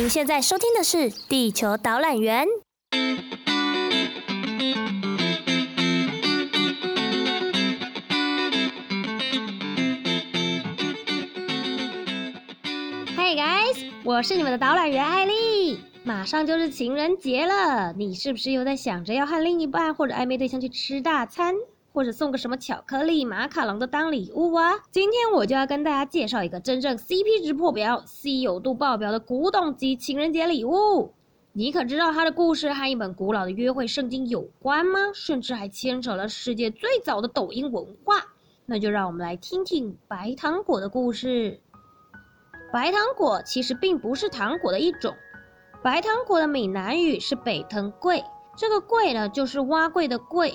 您現在收聽的是《地球導覽員》。Hey guys，我是你們的導覽員艾莉。馬上就是情人節了，你是不是又在想着要和另一半或者曖昧對象去吃大餐？或者送個什麼巧克力馬卡龍的當禮物啊。今天我就要跟大家介紹一個真正 CP 值破表、稀有度爆表的古董級情人節禮物。你可知道它的故事和一本古老的約會聖經有關嗎？甚至還牽扯了世界最早的抖音文化。那就讓我們來聽聽白糖粿的故事。白糖粿其實並不是糖果的一種，白糖粿的閩南語是北藤粿，這個粿呢就是碗粿的粿。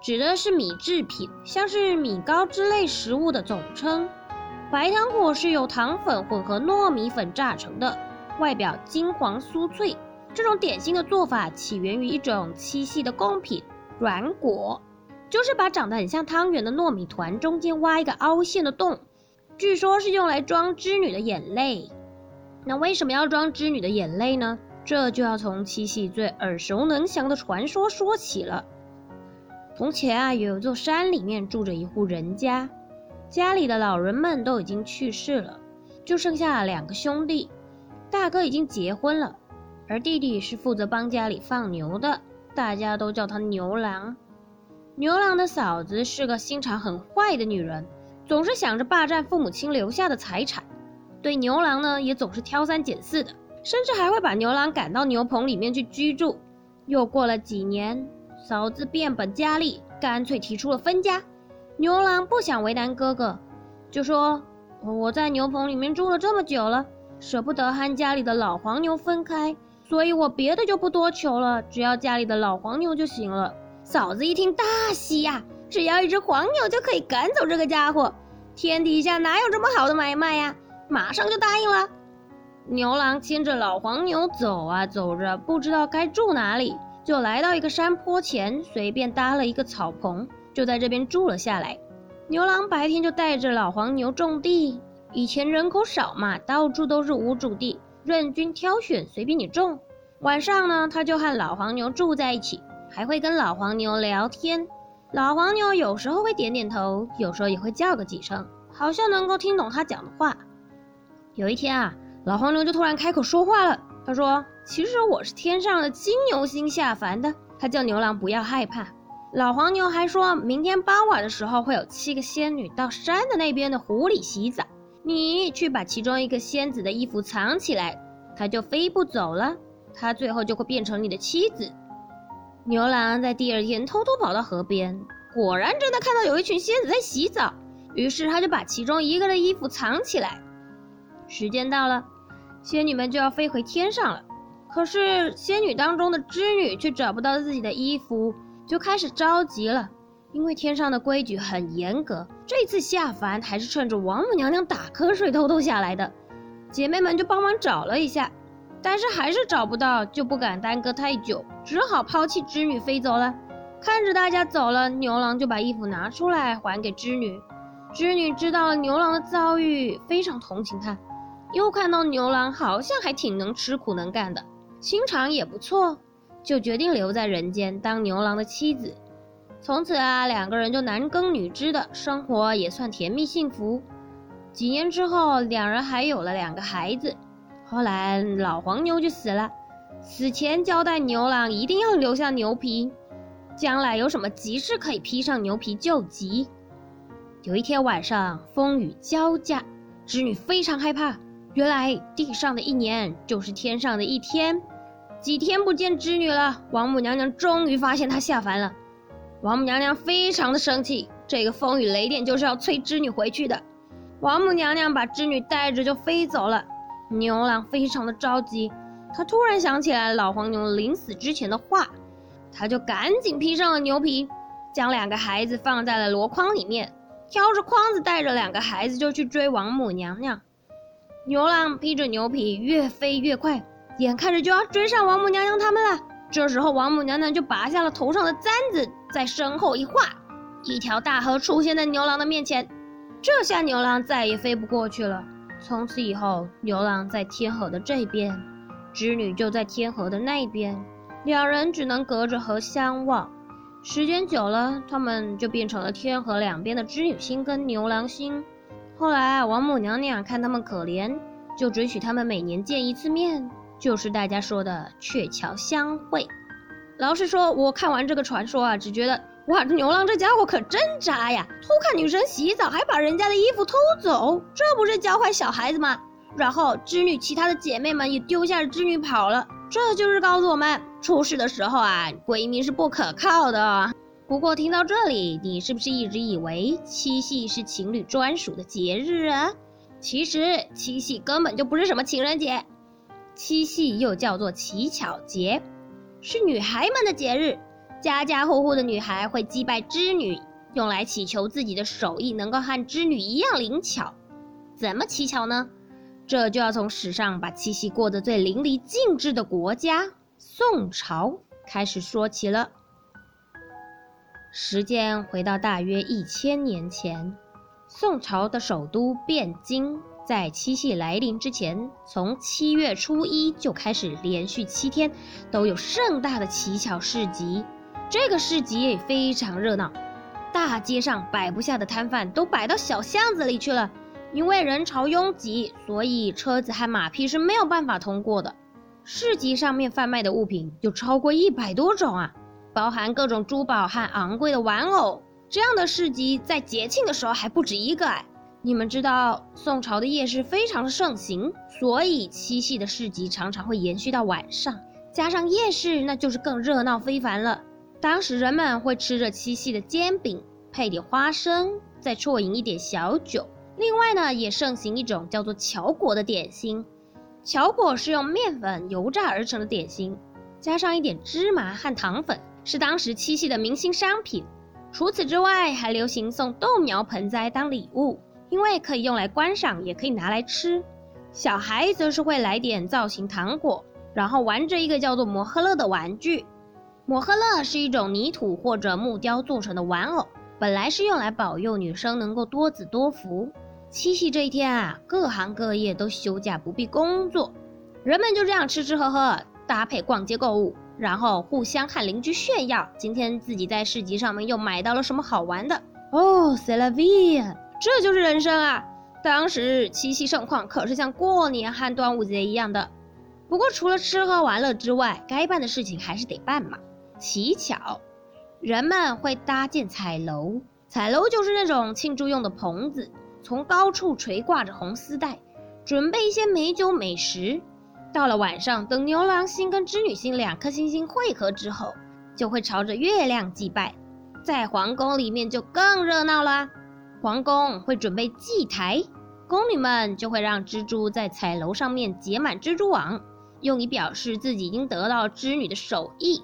指的是米製品，像是米糕之類食物的總稱。白糖粿是由糖粉混合糯米粉炸成的，外表金黃酥脆。這種點心的做法起源於一種七夕的貢品——軟粿，就是把長得很像湯圓的糯米團中間挖一個凹陷的洞，據說是用來裝織女的眼淚。那為什麼要裝織女的眼淚呢？這就要從七夕最耳熟能詳的傳說說起了。從前啊，有一座山，裡面住着一戶人家，家裡的老人們都已經去世了，就剩下兩個兄弟。大哥已經結婚了，而弟弟是負責幫家裡放牛的，大家都叫他牛郎。牛郎的嫂子是個心腸很壞的女人，總是想着霸佔父母親留下的財產，對牛郎呢，也總是挑三揀四的，甚至還會把牛郎趕到牛棚裡面去居住。又過了幾年。嫂子變本加厲，乾脆提出了分家。牛郎不想為難哥哥，就說：“我在牛棚裡面住了這麼久了，捨不得和家裡的老黃牛分開，所以我別的就不多求了，只要家裡的老黃牛就行了。”嫂子一聽大喜呀，只要一隻黃牛就可以趕走這個傢伙，天底下哪有這麼好的買賣呀？馬上就答應了。牛郎牽着老黃牛走啊走着，不知道該住哪裡。就來到一個山坡前，隨便搭了一個草棚，就在這邊住了下來。牛郎白天就帶着老黃牛種地，以前人口少嘛，到處都是無主地，任君挑選，隨便你種。晚上呢，他就和老黃牛住在一起，還會跟老黃牛聊天。老黃牛有時候會點點頭，有時候也會叫個幾聲，好像能夠聽懂他講的話。有一天啊，老黃牛就突然開口說話了，他說。其實我是天上的金牛星下凡的。他叫牛郎不要害怕。老黃牛還說，明天傍晚的時候會有七個仙女到山的那邊的湖裡洗澡，你去把其中一個仙子的衣服藏起來，她就飛不走了，她最後就會變成你的妻子。牛郎在第二天偷偷跑到河邊，果然真的看到有一群仙子在洗澡，於是他就把其中一個的衣服藏起來。時間到了，仙女們就要飛回天上了。可是仙女當中的織女卻找不到自己的衣服，就開始着急了。因為天上的規矩很嚴格，這次下凡還是趁着王母娘娘打瞌睡偷偷下來的。姐妹們就幫忙找了一下，但是還是找不到，就不敢耽擱太久，只好拋棄織女飛走了。看着大家走了，牛郎就把衣服拿出來還給織女。織女知道了牛郎的遭遇，非常同情他，又看到牛郎好像還挺能吃苦、能幹的。心腸也不錯，就決定留在人間當牛郎的妻子。從此啊，兩個人就男耕女織的生活，也算甜蜜幸福。幾年之後，兩人還有了兩個孩子。後來老黃牛就死了，死前交代牛郎一定要留下牛皮，將來有什麼急事可以披上牛皮救急。有一天晚上，風雨交加，織女非常害怕。原來地上的一年就是天上的一天。幾天不見織女了，王母娘娘終於發現她下凡了。王母娘娘非常的生氣，這個風雨雷電就是要催織女回去的。王母娘娘把織女帶着就飛走了。牛郎非常的着急，他突然想起來老黃牛臨死之前的話，他就趕緊披上了牛皮，將兩個孩子放在了籮筐裡面，挑着筐子帶着兩個孩子就去追王母娘娘。牛郎披着牛皮越飛越快。眼看着就要追上王母娘娘他們了，這時候王母娘娘就拔下了頭上的簪子，在身後一畫，一條大河出現在牛郎的面前。這下牛郎再也飛不過去了。從此以後，牛郎在天河的這邊，織女就在天河的那邊，兩人只能隔着河相望。時間久了，他們就變成了天河兩邊的織女星跟牛郎星。後來王母娘娘看他們可憐，就准許他們每年見一次面。就是大家說的鵲橋相會。老實說，我看完這個傳說啊，只覺得哇，這牛郎這家伙可真渣呀！偷看女生洗澡，還把人家的衣服偷走，這不是教壞小孩子嗎？然後織女其他的姐妹們也丟下織女跑了，這就是告訴我們，出事的時候啊，閨蜜是不可靠的哦。不過聽到這裡，你是不是一直以為七夕是情侶專屬的節日啊？其實七夕根本就不是什麼情人節。七夕又叫做乞巧節，是女孩們的節日。家家戶戶的女孩會祭拜織女，用來祈求自己的手藝能夠和織女一樣靈巧。怎麼乞巧呢？這就要從史上把七夕過得最淋漓盡致的國家——宋朝開始說起了。時間回到大約一千年前，宋朝的首都汴京。在七夕來臨之前，從七月初一就開始連續七天，都有盛大的乞巧市集。這個市集也非常熱鬧，大街上擺不下的攤販都擺到小巷子裡去了。因為人潮擁擠，所以車子和馬匹是沒有辦法通過的。市集上面販賣的物品有超過一百多種啊，包含各種珠寶和昂貴的玩偶。這樣的市集在節慶的時候還不止一個哎。你們知道，宋朝的夜市非常的盛行，所以七夕的市集常常會延續到晚上，加上夜市，那就是更熱鬧非凡了。當時人們會吃着七夕的煎餅，配點花生，再啜飲一點小酒。另外呢，也盛行一種叫做巧果的點心，巧果是用麵粉油炸而成的點心，加上一點芝麻和糖粉，是當時七夕的明星商品。除此之外，還流行送豆苗盆栽當禮物。因為可以用來觀賞，也可以拿來吃。小孩則是會來點造型糖果，然後玩着一個叫做磨喝樂的玩具。磨喝樂是一種泥土或者木雕做成的玩偶，本來是用來保佑女生能夠多子多福。七夕這一天啊，各行各業都休假，不必工作，人們就這樣吃吃喝喝，搭配逛街購物，然後互相和鄰居炫耀，今天自己在市集上面又買到了什麼好玩的。哦，c'est la vie。這就是人生啊！當時七夕盛況可是像過年和端午節一樣的。不過除了吃喝玩樂之外，該辦的事情還是得辦嘛。乞巧，人們會搭建彩樓，彩樓就是那種慶祝用的棚子，從高處垂掛着紅絲帶，準備一些美酒美食。到了晚上，等牛郎星跟織女星兩顆星星匯合之後，就會朝着月亮祭拜。在皇宮裡面就更熱鬧啦。皇宮會準備祭台，宮女們就會讓蜘蛛在彩樓上面結滿蜘蛛網，用以表示自己已經得到織女的手藝。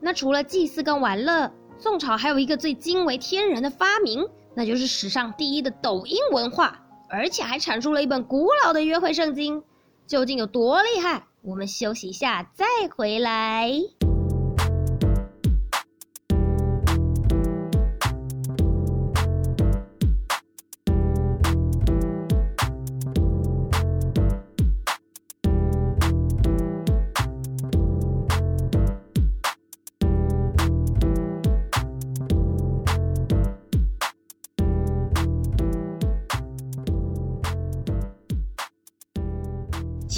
那除了祭祀跟玩樂，宋朝還有一個最驚為天人的發明，那就是史上第一的抖音文化，而且還產出了一本古老的約會聖經。究竟有多厲害？我們休息一下再回來。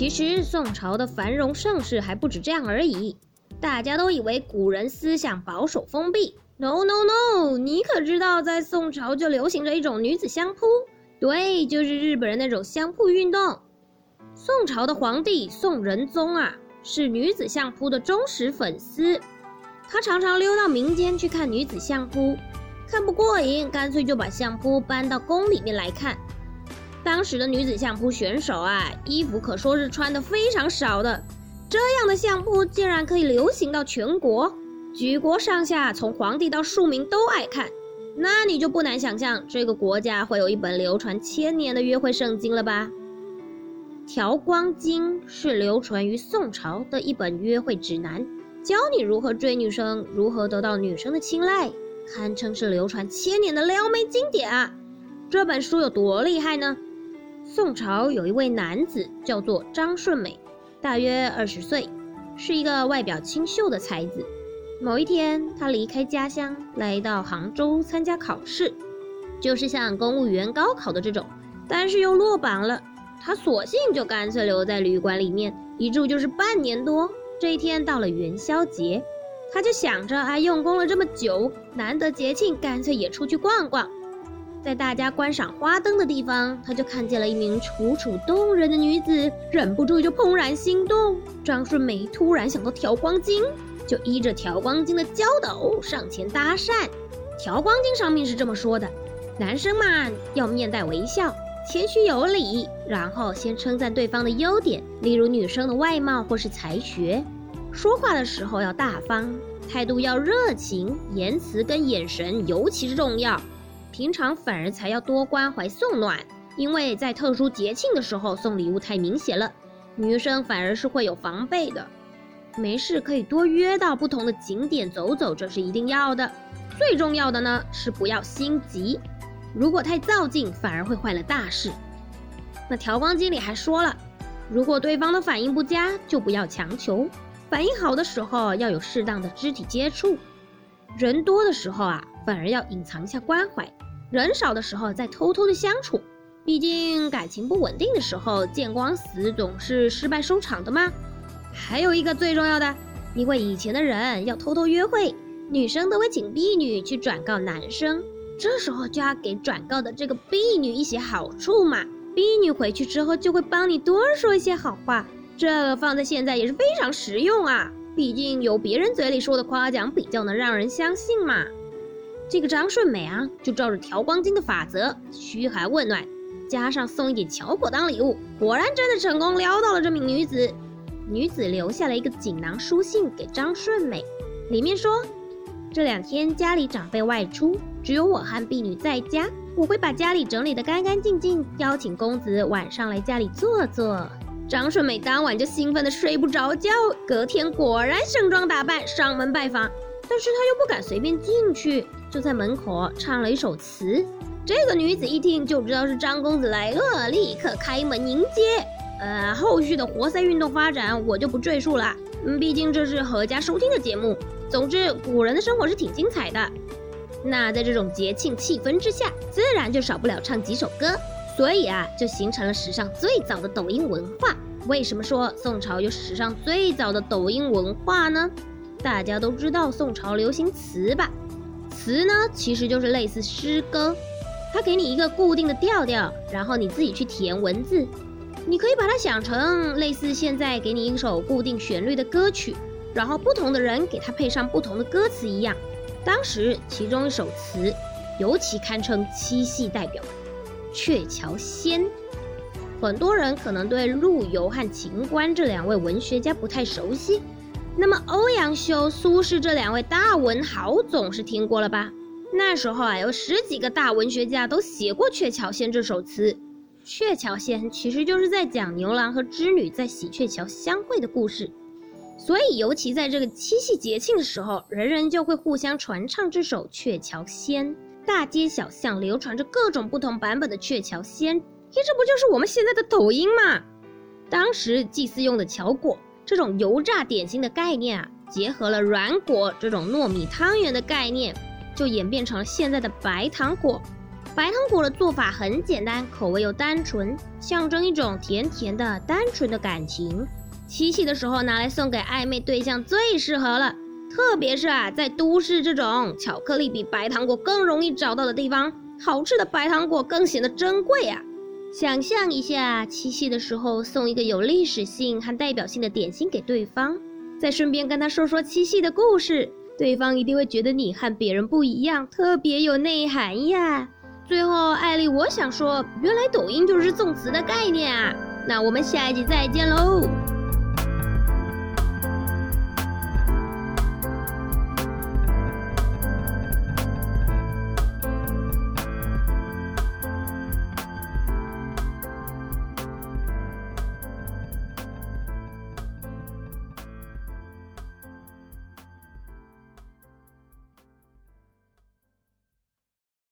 其實宋朝的繁榮盛世還不止這樣而已。大家都以為古人思想保守封閉，no no no，你可知道在宋朝就流行着一種女子相撲？對，就是日本人那種相撲運動。宋朝的皇帝宋仁宗啊，是女子相撲的忠實粉絲，他常常溜到民間去看女子相撲，看不過癮，乾脆就把相撲搬到宮裡面來看。當時的女子相撲選手啊，衣服可說是穿的非常少的。這樣的相撲竟然可以流行到全國，舉國上下，從皇帝到庶民都愛看。那你就不難想象，這個國家會有一本流傳千年的約會聖經了吧？《調光經》是流傳於宋朝的一本約會指南，教你如何追女生，如何得到女生的青睞，堪稱是流傳千年的撩妹經典啊！這本書有多厲害呢？宋朝有一位男子叫做張順美，大約二十歲，是一個外表清秀的才子。某一天，他離開家鄉，來到杭州參加考試，就是像公務員高考的這種，但是又落榜了。他索性就乾脆留在旅館裡面，一住就是半年多。這一天到了元宵節，他就想着，哎，用功了這麼久，難得節慶，乾脆也出去逛逛。在大家觀賞花燈的地方，他就看見了一名楚楚動人的女子，忍不住就怦然心動。張舜美突然想到調光經，就依着調光經的教導上前搭訕。調光經上面是這麼說的：男生嘛，要面帶微笑，謙虛有禮，然後先稱讚對方的優點，例如女生的外貌或是才學。說話的時候要大方，態度要熱情，言辭跟眼神尤其是重要。平常反而才要多關懷送暖，因為在特殊節慶的時候送禮物太明顯了，女生反而是會有防備的。沒事可以多約到不同的景點走走，這是一定要的。最重要的呢，是不要心急，如果太躁進反而會壞了大事。那調光經裡還說了，如果對方的反應不佳就不要強求，反應好的時候要有適當的肢體接觸。人多的時候啊。反而要隱藏一下關懷，人少的時候再偷偷的相處，畢竟感情不穩定的時候見光死總是失敗收場的嘛。還有一個最重要的，因為以前的人要偷偷約會，女生都會請婢女去轉告男生，這時候就要給轉告的這個婢女一些好處嘛，婢女回去之後就會幫你多說一些好話，這放在現在也是非常實用啊，畢竟有別人嘴裡說的誇獎比較能讓人相信嘛。這個張順美啊，就照着調光經的法則噓寒問暖，加上送一點巧果當禮物，果然真的成功撩到了這名女子。女子留下了一個錦囊書信給張順美，裡面說：“這兩天家裡長輩外出，只有我和婢女在家，我會把家裡整理得干干淨淨，邀請公子晚上來家裡坐坐。”張順美當晚就興奮得睡不着覺，隔天果然盛裝打扮上門拜訪，但是她又不敢隨便進去。就在門口唱了一首詞，這個女子一聽就知道是張公子來了，立刻開門迎接。呃，後續的活塞運動發展我就不贅述了，嗯，畢竟這是闔家收聽的節目。總之，古人的生活是挺精彩的。那在這種節慶氣氛之下，自然就少不了唱幾首歌，所以啊，就形成了史上最早的抖音文化。為什麼說宋朝有史上最早的抖音文化呢？大家都知道宋朝流行詞吧？詞呢，其實就是類似詩歌，它給你一個固定的調調，然後你自己去填文字。你可以把它想成類似現在給你一首固定旋律的歌曲，然後不同的人給它配上不同的歌詞一樣。當時其中一首詞，尤其堪稱七夕代表，《鵲橋仙》。很多人可能對陸游和秦觀這兩位文學家不太熟悉。那麼歐陽修、蘇軾這兩位大文豪總是聽過了吧？那時候啊，有十幾個大文學家都寫過《鵲橋仙》這首詞。《鵲橋仙》其實就是在講牛郎和織女在喜鵲橋相會的故事。所以，尤其在這個七夕節慶的時候，人人就會互相傳唱這首《鵲橋仙》，大街小巷流傳着各種不同版本的《鵲橋仙》。咦，這不就是我們現在的抖音嗎？當時祭祀用的巧果。這種油炸點心的概念啊，結合了軟粿這種糯米湯圓的概念，就演變成了現在的白糖粿。白糖粿的做法很簡單，口味又單純，象徵一種甜甜的、單純的感情。七夕的時候拿來送給曖昧對象最適合了。特別是啊，在都市這種巧克力比白糖粿更容易找到的地方，好吃的白糖粿更顯得珍貴啊。想象一下，七夕的時候送一個有歷史性和代表性的點心給對方，再順便跟他說說七夕的故事，對方一定會覺得你和別人不一樣，特別有內涵呀。最後，艾莉，我想說，原來抖音就是宋詞的概念啊。那我們下一集再見嘍。